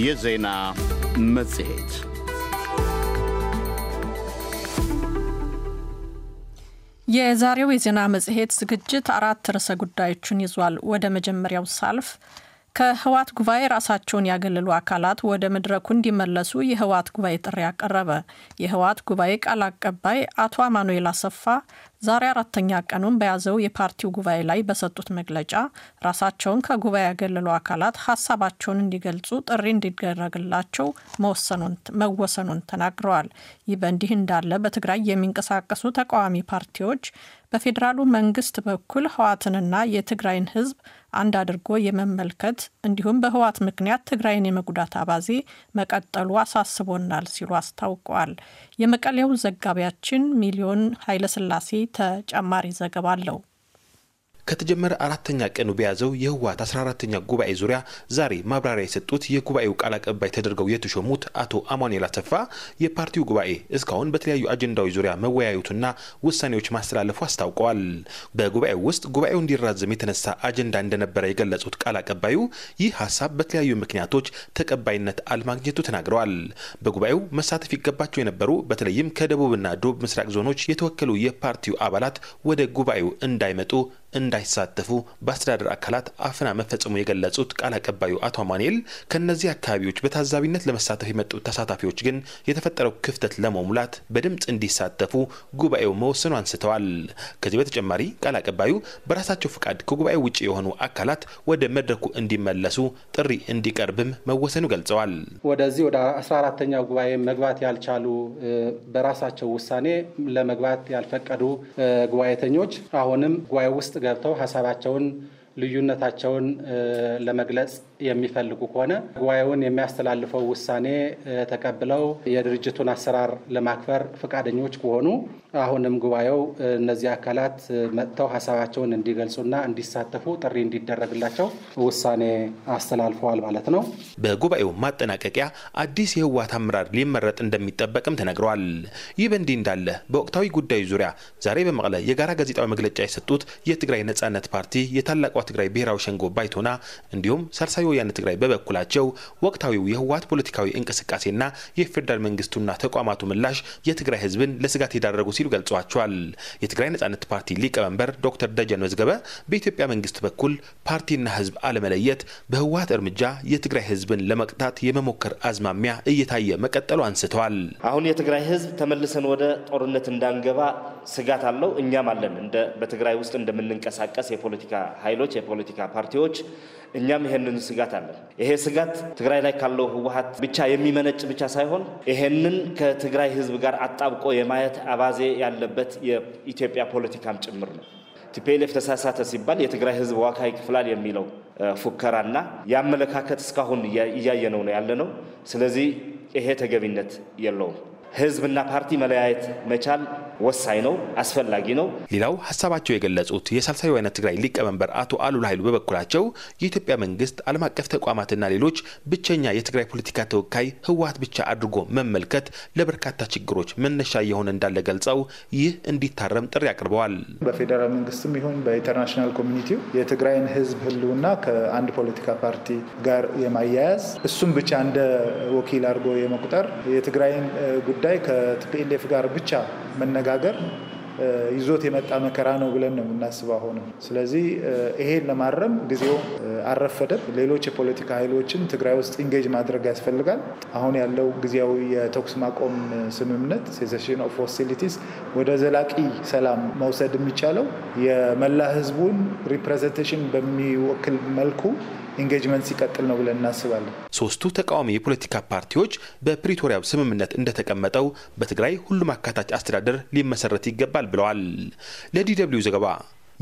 የዜና መጽሔት የዛሬው የዜና መጽሔት ዝግጅት አራት ርዕሰ ጉዳዮችን ይዟል። ወደ መጀመሪያው ሳልፍ ከህወሓት ጉባኤ ራሳቸውን ያገለሉ አካላት ወደ መድረኩ እንዲመለሱ የህወሓት ጉባኤ ጥሪ አቀረበ። የህወሓት ጉባኤ ቃል አቀባይ አቶ አማኑኤል አሰፋ ዛሬ አራተኛ ቀኑን በያዘው የፓርቲው ጉባኤ ላይ በሰጡት መግለጫ ራሳቸውን ከጉባኤ ያገለሉ አካላት ሀሳባቸውን እንዲገልጹ ጥሪ እንዲደረግላቸው መወሰኑን ተናግረዋል። ይህ በእንዲህ እንዳለ በትግራይ የሚንቀሳቀሱ ተቃዋሚ ፓርቲዎች በፌዴራሉ መንግስት በኩል ህወሓትንና የትግራይን ህዝብ አንድ አድርጎ የመመልከት እንዲሁም በህወሓት ምክንያት ትግራይን የመጉዳት አባዜ መቀጠሉ አሳስቦናል ሲሉ አስታውቀዋል። የመቀሌው ዘጋቢያችን ሚሊዮን ኃይለስላሴ ተጨማሪ ዘገባ አለው። ከተጀመረ አራተኛ ቀኑ በያዘው የህወሀት 14ተኛ ጉባኤ ዙሪያ ዛሬ ማብራሪያ የሰጡት የጉባኤው ቃል አቀባይ ተደርገው የተሾሙት አቶ አማኑኤል አሰፋ የፓርቲው ጉባኤ እስካሁን በተለያዩ አጀንዳዎች ዙሪያ መወያየቱና ውሳኔዎች ማስተላለፉ አስታውቀዋል። በጉባኤው ውስጥ ጉባኤው እንዲራዘም የተነሳ አጀንዳ እንደነበረ የገለጹት ቃል አቀባዩ ይህ ሀሳብ በተለያዩ ምክንያቶች ተቀባይነት አለማግኘቱ ተናግረዋል። በጉባኤው መሳተፍ ይገባቸው የነበሩ በተለይም ከደቡብና ደቡብ ምስራቅ ዞኖች የተወከሉ የፓርቲው አባላት ወደ ጉባኤው እንዳይመጡ እንዳይሳተፉ በአስተዳደር አካላት አፍና መፈጸሙ የገለጹት ቃል አቀባዩ አቶ አማኑኤል ከእነዚህ አካባቢዎች በታዛቢነት ለመሳተፍ የመጡት ተሳታፊዎች ግን የተፈጠረው ክፍተት ለመሙላት በድምፅ እንዲሳተፉ ጉባኤው መወሰኑ አንስተዋል። ከዚህ በተጨማሪ ቃል አቀባዩ በራሳቸው ፍቃድ ከጉባኤው ውጭ የሆኑ አካላት ወደ መድረኩ እንዲመለሱ ጥሪ እንዲቀርብም መወሰኑ ገልጸዋል። ወደዚህ ወደ 14ተኛው ጉባኤ መግባት ያልቻሉ በራሳቸው ውሳኔ ለመግባት ያልፈቀዱ ጉባኤተኞች አሁንም ጉባኤ ውስጥ ገብተው ሀሳባቸውን ልዩነታቸውን ለመግለጽ የሚፈልጉ ከሆነ ጉባኤውን የሚያስተላልፈው ውሳኔ ተቀብለው የድርጅቱን አሰራር ለማክበር ፈቃደኞች ከሆኑ አሁንም ጉባኤው እነዚህ አካላት መጥተው ሀሳባቸውን እንዲገልጹና እንዲሳተፉ ጥሪ እንዲደረግላቸው ውሳኔ አስተላልፈዋል ማለት ነው። በጉባኤው ማጠናቀቂያ አዲስ የህወሓት አመራር ሊመረጥ እንደሚጠበቅም ተነግረዋል። ይህ በእንዲህ እንዳለ በወቅታዊ ጉዳዩ ዙሪያ ዛሬ በመቀለ የጋራ ጋዜጣዊ መግለጫ የሰጡት የትግራይ ነጻነት ፓርቲ የታላቋ ትግራይ ብሔራዊ ሸንጎ ባይቶና እንዲሁም ሰርሳዊ ወያነ ትግራይ በበኩላቸው ወቅታዊው የህወሀት ፖለቲካዊ እንቅስቃሴና የፌዴራል መንግስቱና ተቋማቱ ምላሽ የትግራይ ህዝብን ለስጋት የዳረጉ ሲሉ ገልጿቸዋል። የትግራይ ነጻነት ፓርቲ ሊቀመንበር ዶክተር ደጀን መዝገበ በኢትዮጵያ መንግስት በኩል ፓርቲና ህዝብ አለመለየት በህወሀት እርምጃ የትግራይ ህዝብን ለመቅጣት የመሞከር አዝማሚያ እየታየ መቀጠሉ አንስተዋል። አሁን የትግራይ ህዝብ ተመልሰን ወደ ጦርነት እንዳንገባ ስጋት አለው። እኛም አለን በትግራይ ውስጥ እንደምንንቀሳቀስ የፖለቲካ ኃይሎች የፖለቲካ ፓርቲዎች እኛም ይሄንን ስጋት አለን። ይሄ ስጋት ትግራይ ላይ ካለው ህወሀት ብቻ የሚመነጭ ብቻ ሳይሆን ይሄንን ከትግራይ ህዝብ ጋር አጣብቆ የማየት አባዜ ያለበት የኢትዮጵያ ፖለቲካም ጭምር ነው። ቲፒኤልኤፍ ተሳሳተ ሲባል የትግራይ ህዝብ ዋጋ ይክፍላል የሚለው ፉከራና የአመለካከት እስካሁን እያየነው ነው ያለ ነው። ስለዚህ ይሄ ተገቢነት የለውም። ህዝብና ፓርቲ መለያየት መቻል ወሳኝ ነው፣ አስፈላጊ ነው። ሌላው ሀሳባቸው የገለጹት የሳልሳይ ወያነ ትግራይ ሊቀመንበር አቶ አሉላ ኃይሉ በበኩላቸው የኢትዮጵያ መንግስት፣ ዓለም አቀፍ ተቋማትና ሌሎች ብቸኛ የትግራይ ፖለቲካ ተወካይ ህወሀት ብቻ አድርጎ መመልከት ለበርካታ ችግሮች መነሻ እየሆነ እንዳለ ገልጸው ይህ እንዲታረም ጥሪ አቅርበዋል። በፌዴራል መንግስትም ይሁን በኢንተርናሽናል ኮሚኒቲው የትግራይን ህዝብ ህልውና ከአንድ ፖለቲካ ፓርቲ ጋር የማያያዝ እሱም ብቻ እንደ ወኪል አድርጎ የመቁጠር የትግራይን ጉዳይ ከቲፒኤልኤፍ ጋር ብቻ መነ አነጋገር ይዞት የመጣ መከራ ነው ብለን ነው የምናስበው አሁንም። ስለዚህ ይሄን ለማረም ጊዜው አረፈደም። ሌሎች የፖለቲካ ኃይሎችን ትግራይ ውስጥ ኢንጌጅ ማድረግ ያስፈልጋል። አሁን ያለው ጊዜያዊ የተኩስ ማቆም ስምምነት ሴሴሽን ኦፍ ሆስቲሊቲስ ወደ ዘላቂ ሰላም መውሰድ የሚቻለው የመላ ህዝቡን ሪፕሬዘንቴሽን በሚወክል መልኩ ኢንጌጅመንት ሲቀጥል ነው ብለን እናስባለን። ሶስቱ ተቃዋሚ የፖለቲካ ፓርቲዎች በፕሪቶሪያው ስምምነት እንደተቀመጠው በትግራይ ሁሉም አካታች አስተዳደር ሊመሰረት ይገባል ብለዋል። ለዲ ዘገባ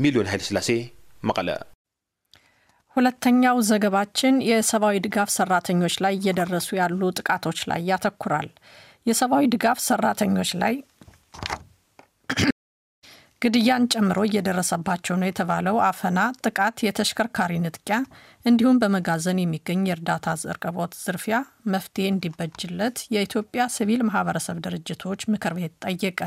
ሚሊዮን ስላሴ መቀለ። ሁለተኛው ዘገባችን የሰብአዊ ድጋፍ ሰራተኞች ላይ እየደረሱ ያሉ ጥቃቶች ላይ ያተኩራል። የሰብአዊ ድጋፍ ሰራተኞች ላይ ግድያን ጨምሮ እየደረሰባቸው ነው የተባለው አፈና፣ ጥቃት፣ የተሽከርካሪ ንጥቂያ እንዲሁም በመጋዘን የሚገኝ የእርዳታ አቅርቦት ዝርፊያ መፍትሄ እንዲበጅለት የኢትዮጵያ ሲቪል ማህበረሰብ ድርጅቶች ምክር ቤት ጠየቀ።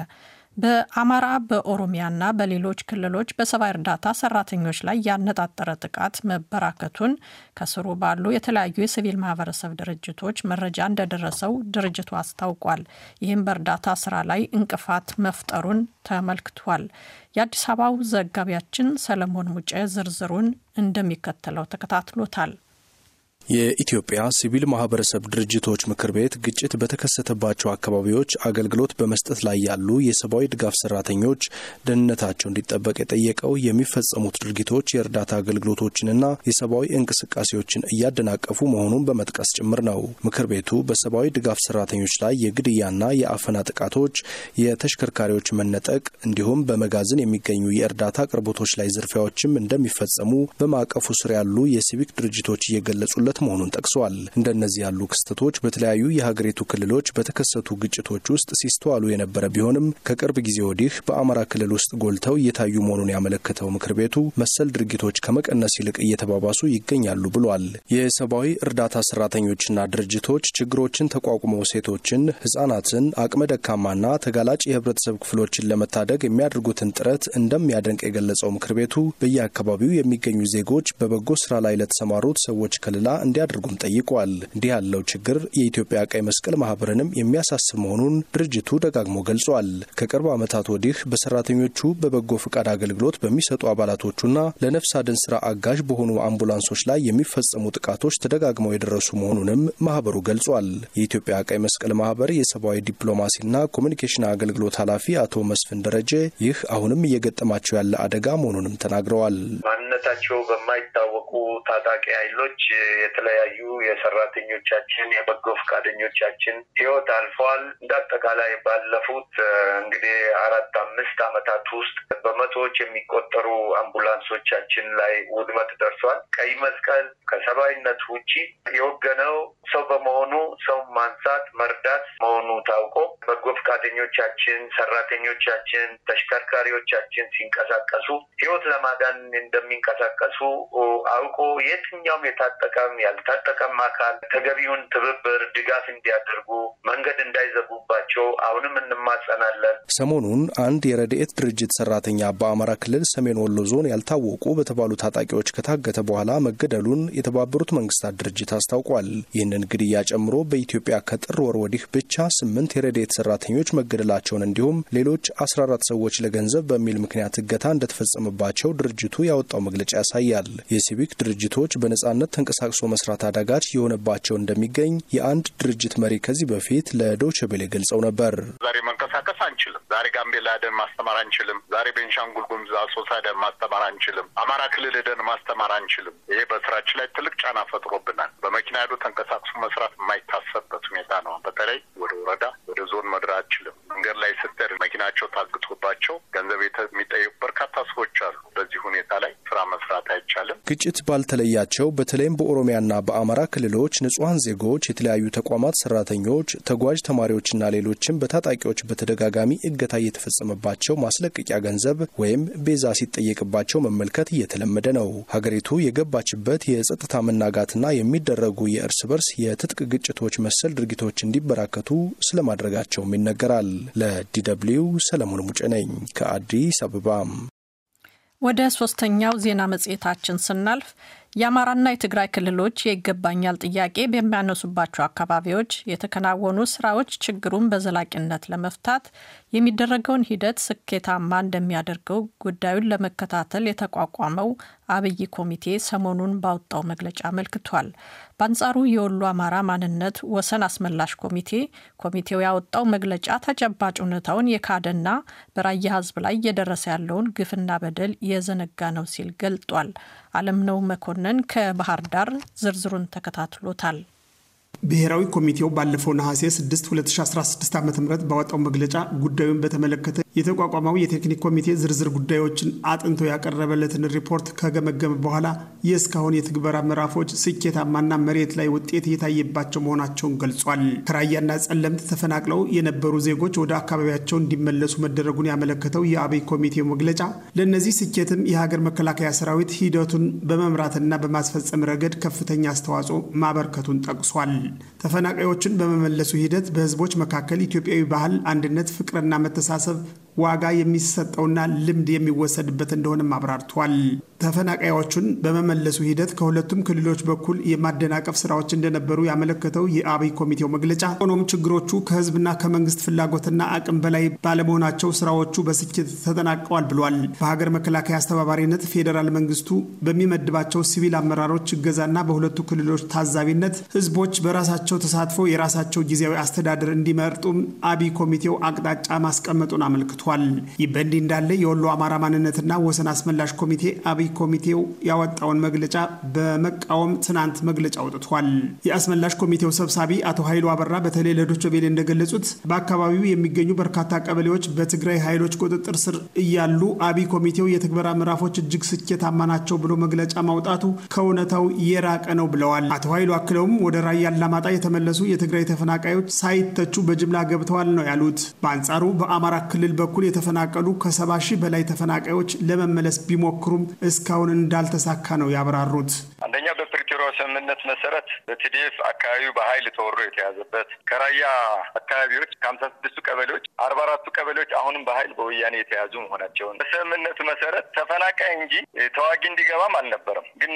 በአማራ በኦሮሚያና በሌሎች ክልሎች በሰብአዊ እርዳታ ሰራተኞች ላይ ያነጣጠረ ጥቃት መበራከቱን ከስሩ ባሉ የተለያዩ የሲቪል ማህበረሰብ ድርጅቶች መረጃ እንደደረሰው ድርጅቱ አስታውቋል። ይህም በእርዳታ ስራ ላይ እንቅፋት መፍጠሩን ተመልክቷል። የአዲስ አበባው ዘጋቢያችን ሰለሞን ሙጬ ዝርዝሩን እንደሚከተለው ተከታትሎታል። የኢትዮጵያ ሲቪል ማህበረሰብ ድርጅቶች ምክር ቤት ግጭት በተከሰተባቸው አካባቢዎች አገልግሎት በመስጠት ላይ ያሉ የሰብአዊ ድጋፍ ሰራተኞች ደህንነታቸው እንዲጠበቅ የጠየቀው የሚፈጸሙት ድርጊቶች የእርዳታ አገልግሎቶችንና የሰብአዊ እንቅስቃሴዎችን እያደናቀፉ መሆኑን በመጥቀስ ጭምር ነው። ምክር ቤቱ በሰብአዊ ድጋፍ ሰራተኞች ላይ የግድያና የአፈና ጥቃቶች፣ የተሽከርካሪዎች መነጠቅ እንዲሁም በመጋዘን የሚገኙ የእርዳታ አቅርቦቶች ላይ ዝርፊያዎችም እንደሚፈጸሙ በማዕቀፉ ስር ያሉ የሲቪክ ድርጅቶች እየገለጹለት የሚደርስበት መሆኑን ጠቅሷል። እንደነዚህ ያሉ ክስተቶች በተለያዩ የሀገሪቱ ክልሎች በተከሰቱ ግጭቶች ውስጥ ሲስተዋሉ የነበረ ቢሆንም ከቅርብ ጊዜ ወዲህ በአማራ ክልል ውስጥ ጎልተው እየታዩ መሆኑን ያመለከተው ምክር ቤቱ መሰል ድርጊቶች ከመቀነስ ይልቅ እየተባባሱ ይገኛሉ ብሏል። የሰብአዊ እርዳታ ሰራተኞችና ድርጅቶች ችግሮችን ተቋቁመው ሴቶችን፣ ህጻናትን፣ አቅመ ደካማና ተጋላጭ የህብረተሰብ ክፍሎችን ለመታደግ የሚያደርጉትን ጥረት እንደሚያደንቅ የገለጸው ምክር ቤቱ በየአካባቢው የሚገኙ ዜጎች በበጎ ስራ ላይ ለተሰማሩት ሰዎች ከልላ እንዲያደርጉም ጠይቋል። እንዲህ ያለው ችግር የኢትዮጵያ ቀይ መስቀል ማህበርንም የሚያሳስብ መሆኑን ድርጅቱ ደጋግሞ ገልጿል። ከቅርብ ዓመታት ወዲህ በሰራተኞቹ በበጎ ፈቃድ አገልግሎት በሚሰጡ አባላቶቹና ለነፍስ አድን ስራ አጋዥ በሆኑ አምቡላንሶች ላይ የሚፈጸሙ ጥቃቶች ተደጋግመው የደረሱ መሆኑንም ማህበሩ ገልጿል። የኢትዮጵያ ቀይ መስቀል ማህበር የሰብአዊ ዲፕሎማሲና ኮሚኒኬሽን አገልግሎት ኃላፊ አቶ መስፍን ደረጀ ይህ አሁንም እየገጠማቸው ያለ አደጋ መሆኑንም ተናግረዋል። ማንነታቸው በማይታወቁ ታጣቂ ኃይሎች የተለያዩ የሰራተኞቻችን የበጎ ፈቃደኞቻችን ህይወት አልፏል። እንደ አጠቃላይ ባለፉት እንግዲህ አራት አምስት አመታት ውስጥ በመቶዎች የሚቆጠሩ አምቡላንሶቻችን ላይ ውድመት ደርሷል። ቀይ መስቀል ከሰብአዊነት ውጪ የወገነው ሰው በመሆኑ ሰው ማንሳት መርዳት መሆኑ ታውቆ በጎ ፈቃደኞቻችን፣ ሰራተኞቻችን፣ ተሽከርካሪዎቻችን ሲንቀሳቀሱ ህይወት ለማዳን እንደሚንቀሳቀሱ አውቆ የትኛውም የታጠቀም ያልታጠቀም አካል ተገቢውን ትብብር ድጋፍ እንዲያደርጉ መንገድ እንዳይዘጉባቸው አሁንም እንማጸናለን። ሰሞኑን አንድ የረድኤት ድርጅት ሰራተኛ በአማራ ክልል ሰሜን ወሎ ዞን ያልታወቁ በተባሉ ታጣቂዎች ከታገተ በኋላ መገደሉን የተባበሩት መንግስታት ድርጅት አስታውቋል። ይህንን ግድያ ጨምሮ በኢትዮጵያ ከጥር ወር ወዲህ ብቻ ስምንት የረድኤት ሰራተኞች መገደላቸውን እንዲሁም ሌሎች አስራ አራት ሰዎች ለገንዘብ በሚል ምክንያት እገታ እንደተፈጸመባቸው ድርጅቱ ያወጣው መግለጫ ያሳያል። የሲቪክ ድርጅቶች በነጻነት ተንቀሳቅሶ መስራት አዳጋች የሆነባቸው እንደሚገኝ የአንድ ድርጅት መሪ ከዚህ በፊት ለዶቼ ገልጸው ነበር። ዛሬ መንቀሳቀስ አንችልም። ዛሬ ጋምቤላ ደን ማስተማር አንችልም። ዛሬ ቤንሻንጉል ጉምዝ አሶሳ ደን ማስተማር አንችልም። አማራ ክልል ደን ማስተማር አንችልም። ይሄ በስራችን ላይ ትልቅ ጫና ፈጥሮብናል። በመኪና ያሉ ተንቀሳቅሶ መስራት የማይታሰብበት ሁኔታ ነው። በተለይ ወደ ወረዳ ወደ ዞን መድረ አችልም። መንገድ ላይ ስትሄድ መኪናቸው ታግቶባቸው ገንዘብ የሚጠየቁ በርካታ ሰዎች አሉ። በዚህ ሁኔታ ላይ ስራ መስራት አይቻልም። ግጭት ባልተለያቸው በተለይም በኦሮሚያ በኦሮሚያና በአማራ ክልሎች ንጹሐን ዜጎች፣ የተለያዩ ተቋማት ሰራተኞች፣ ተጓዥ ተማሪዎችና ሌሎችም በታጣቂዎች በተደጋጋሚ እገታ እየተፈጸመባቸው ማስለቀቂያ ገንዘብ ወይም ቤዛ ሲጠየቅባቸው መመልከት እየተለመደ ነው። ሀገሪቱ የገባችበት የጸጥታ መናጋትና የሚደረጉ የእርስ በርስ የትጥቅ ግጭቶች መሰል ድርጊቶች እንዲበራከቱ ስለማድረጋቸውም ይነገራል። ለዲደብሊው ሰለሞን ሙጭ ነኝ ከአዲስ አበባ። ወደ ሶስተኛው ዜና መጽሔታችን ስናልፍ የአማራና የትግራይ ክልሎች የይገባኛል ጥያቄ በሚያነሱባቸው አካባቢዎች የተከናወኑ ስራዎች ችግሩን በዘላቂነት ለመፍታት የሚደረገውን ሂደት ስኬታማ እንደሚያደርገው ጉዳዩን ለመከታተል የተቋቋመው አብይ ኮሚቴ ሰሞኑን ባወጣው መግለጫ አመልክቷል። በአንጻሩ የወሎ አማራ ማንነት ወሰን አስመላሽ ኮሚቴ ኮሚቴው ያወጣው መግለጫ ተጨባጭ እውነታውን የካደና በራያ ሕዝብ ላይ እየደረሰ ያለውን ግፍና በደል የዘነጋ ነው ሲል ገልጧል። አለምነው መኮንን ከባህር ዳር ዝርዝሩን ተከታትሎታል። ብሔራዊ ኮሚቴው ባለፈው ነሐሴ 6 2016 ዓ ም ባወጣው መግለጫ ጉዳዩን በተመለከተ የተቋቋመው የቴክኒክ ኮሚቴ ዝርዝር ጉዳዮችን አጥንቶ ያቀረበለትን ሪፖርት ከገመገመ በኋላ የእስካሁን የትግበራ ምዕራፎች ስኬታማና መሬት ላይ ውጤት እየታየባቸው መሆናቸውን ገልጿል። ከራያና ጸለምት ተፈናቅለው የነበሩ ዜጎች ወደ አካባቢያቸው እንዲመለሱ መደረጉን ያመለከተው የአብይ ኮሚቴው መግለጫ ለእነዚህ ስኬትም የሀገር መከላከያ ሰራዊት ሂደቱን በመምራትና በማስፈጸም ረገድ ከፍተኛ አስተዋጽኦ ማበርከቱን ጠቅሷል። ተፈናቃዮችን በመመለሱ ሂደት በህዝቦች መካከል ኢትዮጵያዊ ባህል፣ አንድነት፣ ፍቅርና መተሳሰብ ዋጋ የሚሰጠውና ልምድ የሚወሰድበት እንደሆነም አብራርቷል። ተፈናቃዮቹን በመመለሱ ሂደት ከሁለቱም ክልሎች በኩል የማደናቀፍ ስራዎች እንደነበሩ ያመለከተው የአብይ ኮሚቴው መግለጫ፣ ሆኖም ችግሮቹ ከህዝብና ከመንግስት ፍላጎትና አቅም በላይ ባለመሆናቸው ስራዎቹ በስኬት ተጠናቀዋል ብሏል። በሀገር መከላከያ አስተባባሪነት ፌዴራል መንግስቱ በሚመድባቸው ሲቪል አመራሮች እገዛና በሁለቱ ክልሎች ታዛቢነት ህዝቦች በራሳቸው ተሳትፎ የራሳቸው ጊዜያዊ አስተዳደር እንዲመርጡም አብይ ኮሚቴው አቅጣጫ ማስቀመጡን አመልክቷል። ተገኝቷል። ይህ በእንዲህ እንዳለ የወሎ አማራ ማንነትና ወሰን አስመላሽ ኮሚቴ አብይ ኮሚቴው ያወጣውን መግለጫ በመቃወም ትናንት መግለጫ አውጥቷል። የአስመላሽ ኮሚቴው ሰብሳቢ አቶ ኃይሉ አበራ በተለይ ለዶይቼ ቤሌ እንደገለጹት በአካባቢው የሚገኙ በርካታ ቀበሌዎች በትግራይ ኃይሎች ቁጥጥር ስር እያሉ አብይ ኮሚቴው የትግበራ ምዕራፎች እጅግ ስኬታማ ናቸው ብሎ መግለጫ ማውጣቱ ከእውነታው የራቀ ነው ብለዋል። አቶ ኃይሉ አክለውም ወደ ራያ አላማጣ የተመለሱ የትግራይ ተፈናቃዮች ሳይተቹ በጅምላ ገብተዋል ነው ያሉት። በአንጻሩ በአማራ ክልል በኩል በኩል የተፈናቀሉ ከሰባ ሺህ በላይ ተፈናቃዮች ለመመለስ ቢሞክሩም እስካሁን እንዳልተሳካ ነው ያብራሩት። አንደኛ በተደረገው ስምምነት መሰረት በቲዲኤፍ አካባቢው በኃይል ተወሮ የተያዘበት ከራያ አካባቢዎች ከሀምሳ ስድስቱ ቀበሌዎች አርባ አራቱ ቀበሌዎች አሁንም በሀይል በወያኔ የተያዙ መሆናቸውን በስምምነቱ መሰረት ተፈናቃይ እንጂ ተዋጊ እንዲገባም አልነበረም። ግን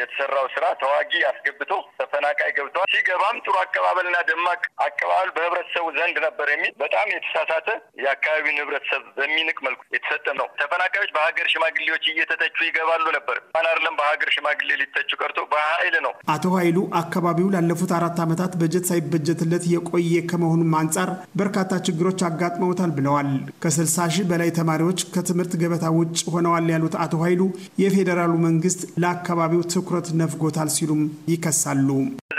የተሰራው ስራ ተዋጊ አስገብቶ ተፈናቃይ ገብተዋል። ሲገባም ጥሩ አቀባበልና ደማቅ አቀባበል በህብረተሰቡ ዘንድ ነበር የሚል በጣም የተሳሳተ የአካባቢውን ህብረተሰብ በሚንቅ መልኩ የተሰጠ ነው። ተፈናቃዮች በሀገር ሽማግሌዎች እየተተቹ ይገባሉ ነበር ማን አይደለም በሀገር ሽማግሌ ሊተቹ ቀርቶ በሀይል ኃይል ነው። አቶ ኃይሉ አካባቢው ላለፉት አራት ዓመታት በጀት ሳይበጀትለት የቆየ ከመሆኑም አንጻር በርካታ ችግሮች አጋጥመውታል ብለዋል። ከስልሳ ሺህ በላይ ተማሪዎች ከትምህርት ገበታ ውጭ ሆነዋል ያሉት አቶ ኃይሉ የፌዴራሉ መንግስት ለአካባቢው ትኩረት ነፍጎታል ሲሉም ይከሳሉ።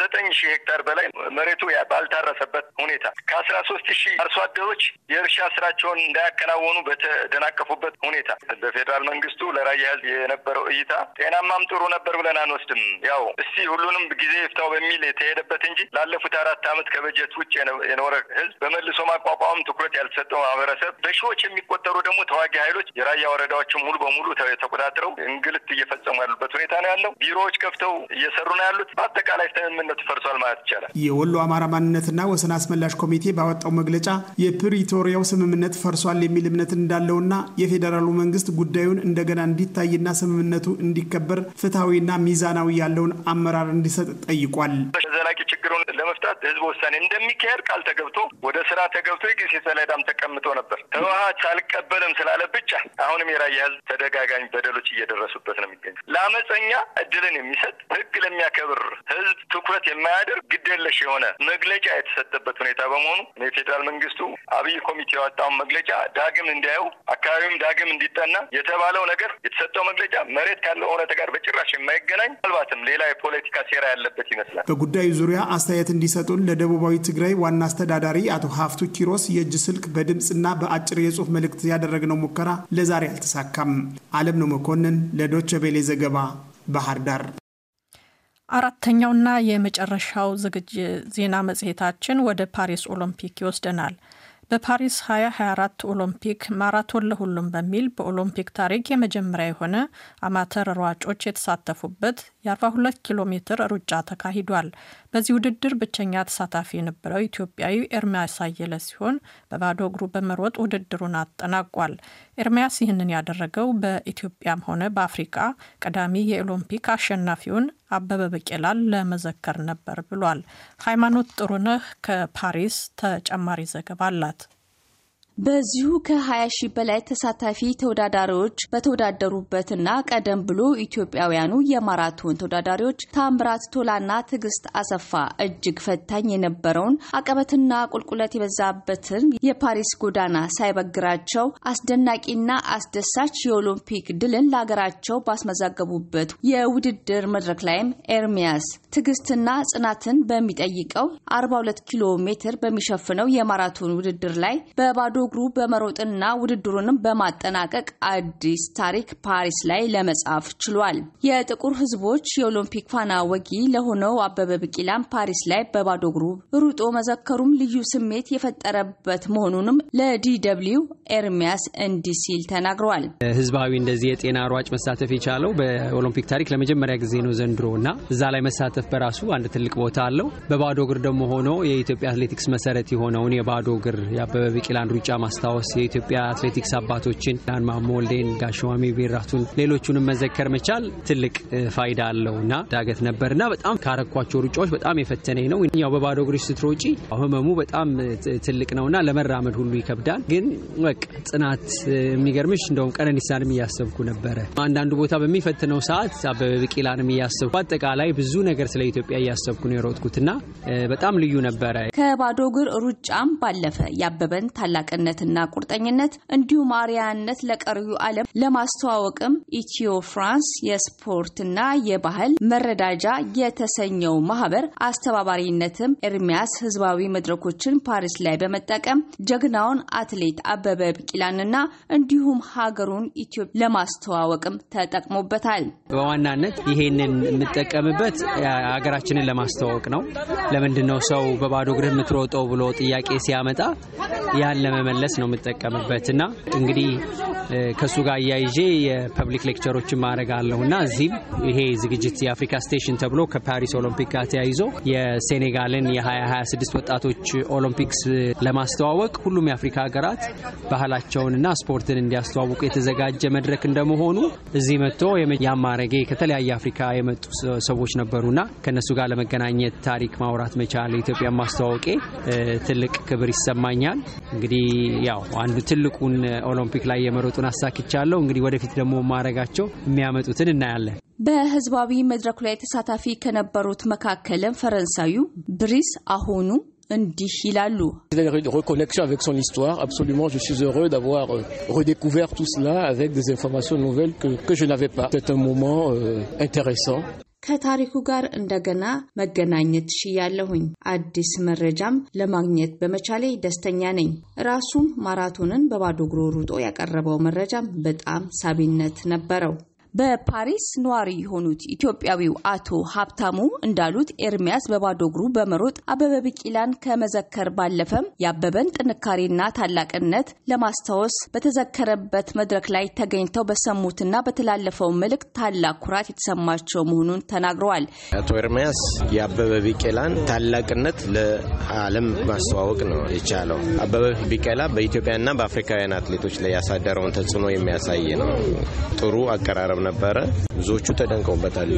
ዘጠኝ ሺህ ሄክታር በላይ መሬቱ ባልታረሰበት ሁኔታ ከአስራ ሶስት ሺህ አርሶ አደሮች የእርሻ ስራቸውን እንዳያከናወኑ በተደናቀፉበት ሁኔታ በፌዴራል መንግስቱ ለራያ ህዝብ የነበረው እይታ ጤናማም ጥሩ ነበር ብለን አንወስድም። ያው እስቲ ሁሉንም ጊዜ ይፍታው በሚል የተሄደበት እንጂ ላለፉት አራት ዓመት ከበጀት ውጭ የኖረ ህዝብ በመልሶ ማቋቋም ትኩረት ያልተሰጠው ማህበረሰብ፣ በሺዎች የሚቆጠሩ ደግሞ ተዋጊ ኃይሎች የራያ ወረዳዎችን ሙሉ በሙሉ ተቆጣጥረው እንግልት እየፈጸሙ ያሉበት ሁኔታ ነው ያለው። ቢሮዎች ከፍተው እየሰሩ ነው ያሉት። በአጠቃላይ ስምምነቱ ፈርሷል ማለት ይቻላል። የወሎ አማራ ማንነትና ወሰን አስመላሽ ኮሚቴ ባወጣው መግለጫ የፕሪቶሪያው ስምምነት ፈርሷል የሚል እምነት እንዳለውና የፌዴራሉ መንግስት ጉዳዩን እንደገና እንዲታይና ስምምነቱ እንዲከበር ፍትሐዊና ሚዛናዊ ያለውን አመራር እንዲሰጥ ጠይቋል። ዘላቂ ችግሩን ለመፍታት ህዝብ ውሳኔ እንደሚካሄድ ቃል ተገብቶ ወደ ስራ ተገብቶ የጊዜ ሰሌዳም ተቀምጦ ነበር። ህወሀት አልቀበልም ስላለ ብቻ አሁንም የራያ ህዝብ ተደጋጋሚ በደሎች እየደረሱበት ነው የሚገኙ። ለአመፀኛ እድልን የሚሰጥ ህግ ለሚያከብር ህዝብ ትኩረት የማያደርግ ግዴለሽ የሆነ መግለጫ የተሰጠበት ሁኔታ በመሆኑ የፌዴራል መንግስቱ አብይ ኮሚቴ ያወጣውን መግለጫ ዳግም እንዲያዩ አካባቢውም ዳግም እንዲጠና የተባለው ነገር የተሰጠው መግለጫ መሬት ካለው እውነት ጋር በጭራሽ የማይገናኝ ምናልባትም ሌላ የፖለቲካ ሴራ ያለበት ይመስላል። በጉዳዩ ዙሪያ አስተያየት እንዲሰጡን ለደቡባዊ ትግራይ ዋና አስተዳዳሪ አቶ ሀፍቱ ኪሮስ የእጅ ስልክ በድምፅና በአጭር የጽሁፍ መልእክት ያደረግነው ሙከራ ለዛሬ አልተሳካም። አለም ነው መኮንን ለዶቸ ቤሌ ዘገባ ባህር ዳር። አራተኛውና የመጨረሻው ዝግጅ ዜና መጽሔታችን ወደ ፓሪስ ኦሎምፒክ ይወስደናል። በፓሪስ 2024 ኦሎምፒክ ማራቶን ለሁሉም በሚል በኦሎምፒክ ታሪክ የመጀመሪያ የሆነ አማተር ሯጮች የተሳተፉበት የ42 ኪሎ ሜትር ሩጫ ተካሂዷል። በዚህ ውድድር ብቸኛ ተሳታፊ የነበረው ኢትዮጵያዊ ኤርሚያስ አየለ ሲሆን በባዶ እግሩ በመሮጥ ውድድሩን አጠናቋል። ኤርሚያስ ይህንን ያደረገው በኢትዮጵያም ሆነ በአፍሪቃ ቀዳሚ የኦሎምፒክ አሸናፊውን አበበ ቢቂላን ለመዘከር ነበር ብሏል። ሃይማኖት ጥሩነህ ከፓሪስ ተጨማሪ ዘገባ አላት። በዚሁ ከ20 ሺህ በላይ ተሳታፊ ተወዳዳሪዎች በተወዳደሩበትና ቀደም ብሎ ኢትዮጵያውያኑ የማራቶን ተወዳዳሪዎች ታምራት ቶላና ትዕግስት አሰፋ እጅግ ፈታኝ የነበረውን አቀበትና ቁልቁለት የበዛበትን የፓሪስ ጎዳና ሳይበግራቸው አስደናቂና አስደሳች የኦሎምፒክ ድልን ለሀገራቸው ባስመዘገቡበት የውድድር መድረክ ላይም ኤርሚያስ ትዕግስትና ጽናትን በሚጠይቀው 42 ኪሎ ሜትር በሚሸፍነው የማራቶን ውድድር ላይ በባዶ እግሩ በመሮጥና ውድድሩንም በማጠናቀቅ አዲስ ታሪክ ፓሪስ ላይ ለመጻፍ ችሏል። የጥቁር ህዝቦች የኦሎምፒክ ፋና ወጊ ለሆነው አበበ ቢቂላም ፓሪስ ላይ በባዶ እግሩ ሩጦ መዘከሩም ልዩ ስሜት የፈጠረበት መሆኑንም ለዲደብሊው ኤርሚያስ እንዲህ ሲል ተናግረዋል። ህዝባዊ እንደዚህ የጤና ሯጭ መሳተፍ የቻለው በኦሎምፒክ ታሪክ ለመጀመሪያ ጊዜ ነው ዘንድሮ እና እዛ ላይ መሳተፍ በራሱ አንድ ትልቅ ቦታ አለው። በባዶ እግር ደግሞ ሆኖ የኢትዮጵያ አትሌቲክስ መሰረት የሆነውን የባዶ እግር የአበበ ቢቂላን ሩጫ ማስታወስ የኢትዮጵያ አትሌቲክስ አባቶችን ማሞ ወልዴን፣ ጋሸዋሚ ቢራቱን፣ ሌሎቹንም መዘከር መቻል ትልቅ ፋይዳ አለው እና ዳገት ነበርና በጣም ካረኳቸው ሩጫዎች በጣም የፈተነኝ ነው። ያው በባዶ እግርሽ ስትሮጪ ህመሙ በጣም ትልቅ ነውና ለመራመድ ሁሉ ይከብዳል። ግን በቃ ጽናት የሚገርምሽ እንደውም ቀነኒሳንም እያሰብኩ ነበረ። አንዳንዱ ቦታ በሚፈትነው ሰዓት አበበ ቢቂላንም እያሰብኩ አጠቃላይ ብዙ ነገር ስለ ኢትዮጵያ እያሰብኩ ነው የሮጥኩትና በጣም ልዩ ነበረ። ከባዶ እግር ሩጫም ባለፈ ያበበን ታላቅ ግልጽነትና ቁርጠኝነት እንዲሁም አርያነት ለቀሪው ዓለም ለማስተዋወቅም ኢትዮ ፍራንስ የስፖርትና የባህል መረዳጃ የተሰኘው ማህበር አስተባባሪነትም ኤርሚያስ ህዝባዊ መድረኮችን ፓሪስ ላይ በመጠቀም ጀግናውን አትሌት አበበ ቢቂላንና እንዲሁም ሀገሩን ኢትዮ ለማስተዋወቅም ተጠቅሞበታል። በዋናነት ይሄንን የምጠቀምበት ሀገራችንን ለማስተዋወቅ ነው። ለምንድን ነው ሰው በባዶ እግርህ የምትሮጠው ብሎ ጥያቄ ሲያመጣ ያን ለመመለስ ነው የምጠቀምበት እና እንግዲህ ከእሱ ጋር አያይዤ የፐብሊክ ሌክቸሮችን ማድረግ አለሁ እና እዚህም ይሄ ዝግጅት የአፍሪካ ስቴሽን ተብሎ ከፓሪስ ኦሎምፒክ ጋር ተያይዞ የሴኔጋልን የ2026 ወጣቶች ኦሎምፒክስ ለማስተዋወቅ ሁሉም የአፍሪካ ሀገራት ባህላቸውንና ስፖርትን እንዲያስተዋውቁ የተዘጋጀ መድረክ እንደመሆኑ እዚህ መጥቶ ያማረጌ ከተለያየ አፍሪካ የመጡ ሰዎች ነበሩና ከእነሱ ጋር ለመገናኘት ታሪክ ማውራት መቻል ኢትዮጵያን ማስተዋወቄ ትልቅ ክብር ይሰማኛል። እንግዲህ une reconnexion avec son histoire, absolument, je suis heureux d'avoir euh, redécouvert tout cela avec des informations nouvelles que je n'avais pas. C'était un moment euh, intéressant. ከታሪኩ ጋር እንደገና መገናኘት ሽያለሁኝ። አዲስ መረጃም ለማግኘት በመቻሌ ደስተኛ ነኝ። ራሱም ማራቶንን በባዶ እግሩ ሩጦ ያቀረበው መረጃም በጣም ሳቢነት ነበረው። በፓሪስ ነዋሪ የሆኑት ኢትዮጵያዊው አቶ ሀብታሙ እንዳሉት ኤርሚያስ በባዶ እግሩ በመሮጥ አበበ ቢቂላን ከመዘከር ባለፈም የአበበን ጥንካሬና ታላቅነት ለማስታወስ በተዘከረበት መድረክ ላይ ተገኝተው በሰሙትና በተላለፈው መልእክት ታላቅ ኩራት የተሰማቸው መሆኑን ተናግረዋል። አቶ ኤርሚያስ የአበበ ቢቂላን ታላቅነት ለዓለም ማስተዋወቅ ነው የቻለው። አበበ ቢቂላ በኢትዮጵያና በአፍሪካውያን አትሌቶች ላይ ያሳደረውን ተጽዕኖ የሚያሳይ ነው። ጥሩ አቀራረብ ነበረ። ብዙዎቹ ተደንቀውበታል።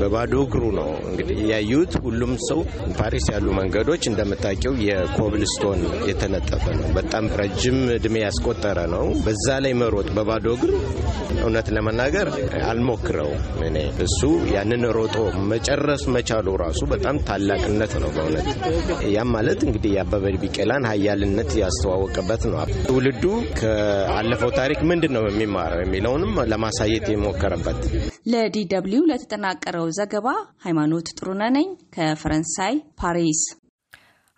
በባዶ እግሩ ነው እንግዲህ ያዩት። ሁሉም ሰው ፓሪስ ያሉ መንገዶች እንደምታውቂው የኮብልስቶን የተነጠፈ ነው። በጣም ረጅም እድሜ ያስቆጠረ ነው። በዛ ላይ መሮጥ በባዶ እግር እውነት ለመናገር አልሞክረው እኔ እሱ ያንን ሮጦ መጨረስ መቻሉ ራሱ በጣም ታላቅነት ነው በእውነት ያም ማለት እንግዲህ የአበበ ቢቄላን ሀያልነት ያስተዋወቀበት ነው። ትውልዱ ከአለፈው ታሪክ ምንድን ነው የሚማረው የሚለውንም ለማሳየት የሞከረ ነበረበት። ለዲ ደብልዩ ለተጠናቀረው ዘገባ ሃይማኖት ጥሩነ ነኝ ከፈረንሳይ ፓሪስ።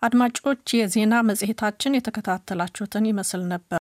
አድማጮች፣ የዜና መጽሔታችን የተከታተላችሁትን ይመስል ነበር።